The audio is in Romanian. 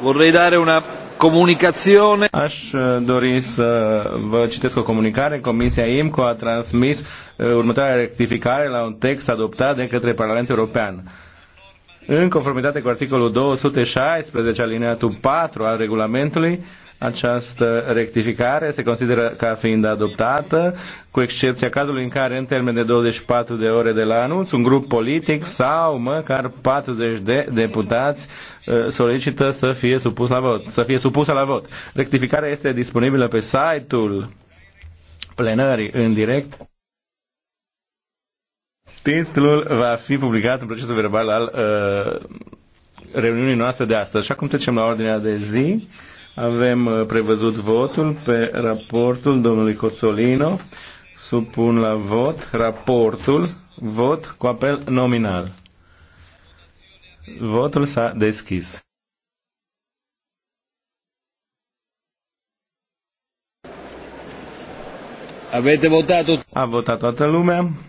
Vorrei dare una comunicazione. Aș uh, dori să vă citesc o comunicare. Comisia IMCO a transmis uh, următoarea rectificare la un text adoptat de către Parlamentul European. În conformitate cu articolul 216 alineatul 4 al regulamentului, această rectificare se consideră ca fiind adoptată, cu excepția cazului în care, în termen de 24 de ore de la anunț, un grup politic sau măcar 40 de deputați uh, solicită să fie supus la vot, să fie supusă la vot. Rectificarea este disponibilă pe site-ul plenării în direct. Titlul va fi publicat în procesul verbal al uh, reuniunii noastre de astăzi. Și acum trecem la ordinea de zi. Avem uh, prevăzut votul pe raportul domnului Cozzolino. Supun la vot raportul, vot cu apel nominal. Votul s-a deschis. Avete votat? A votat toată lumea.